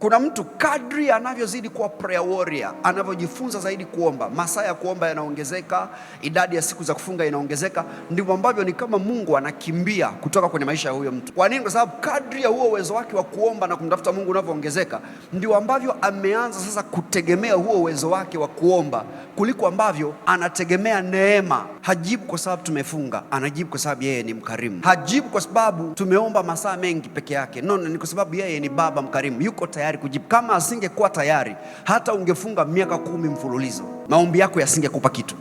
Kuna mtu kadri anavyozidi kuwa prayer warrior, anavyojifunza zaidi kuomba, masaa ya kuomba yanaongezeka, idadi ya siku za kufunga inaongezeka. Ndivyo ambavyo ni kama Mungu anakimbia kutoka kwenye maisha ya huyo mtu. Kwa nini? Kwa sababu kadri ya huo uwezo wake wa kuomba na kumtafuta Mungu unavyoongezeka, ndivyo ambavyo ameanza sasa kutegemea huo uwezo wake wa kuomba kuliko ambavyo anategemea neema hajibu kwa sababu tumefunga, anajibu kwa sababu yeye ni mkarimu. Hajibu kwa sababu tumeomba masaa mengi peke yake, no, ni kwa sababu yeye ni baba mkarimu, yuko tayari kujibu. Kama asingekuwa tayari, hata ungefunga miaka kumi mfululizo, maombi yako yasingekupa kitu.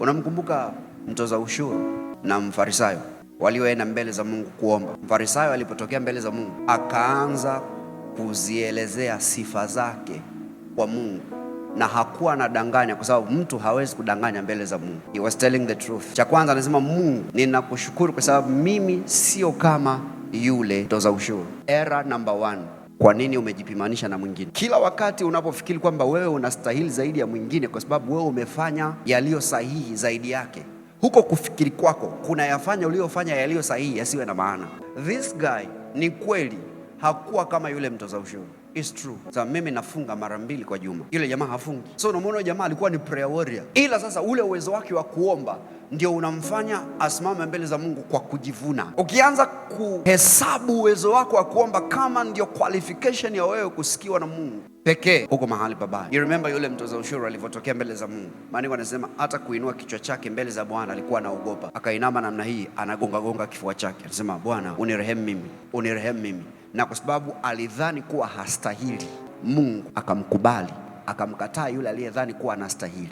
Unamkumbuka mtoza ushuru na mfarisayo walioenda mbele za Mungu kuomba. Mfarisayo alipotokea mbele za Mungu, akaanza kuzielezea sifa zake kwa Mungu na hakuwa anadanganya, kwa sababu mtu hawezi kudanganya mbele za Mungu. He was telling the truth. Cha kwanza anasema, Mungu ninakushukuru kwa sababu mimi sio kama yule toza ushuru. Era number one. Kwa nini umejipimanisha na mwingine? Kila wakati unapofikiri kwamba wewe unastahili zaidi ya mwingine, kwa sababu wewe umefanya yaliyo sahihi zaidi yake, huko kufikiri kwako kunayafanya uliyofanya yaliyo sahihi yasiwe na maana. This guy ni kweli hakuwa kama yule mtoza ushuru is true. Sasa mimi nafunga mara mbili kwa juma, yule jamaa hafungi. So unamwona jamaa alikuwa ni prayer warrior, ila sasa ule uwezo wake wa kuomba ndio unamfanya asimame mbele za Mungu kwa kujivuna. Ukianza kuhesabu uwezo wako wa kuomba kama ndio qualification ya wewe kusikiwa na Mungu pekee huko mahali pabaya. You remember yule mtoza ushuru alivyotokea mbele za Mungu? Maandiko anasema hata kuinua kichwa chake mbele za Bwana alikuwa anaogopa, akainama namna hii, anagongagonga kifua chake, anasema Bwana unirehemu mimi, unirehemu mimi. Na kwa sababu alidhani kuwa hastahili, Mungu akamkubali, akamkataa yule aliyedhani kuwa anastahili.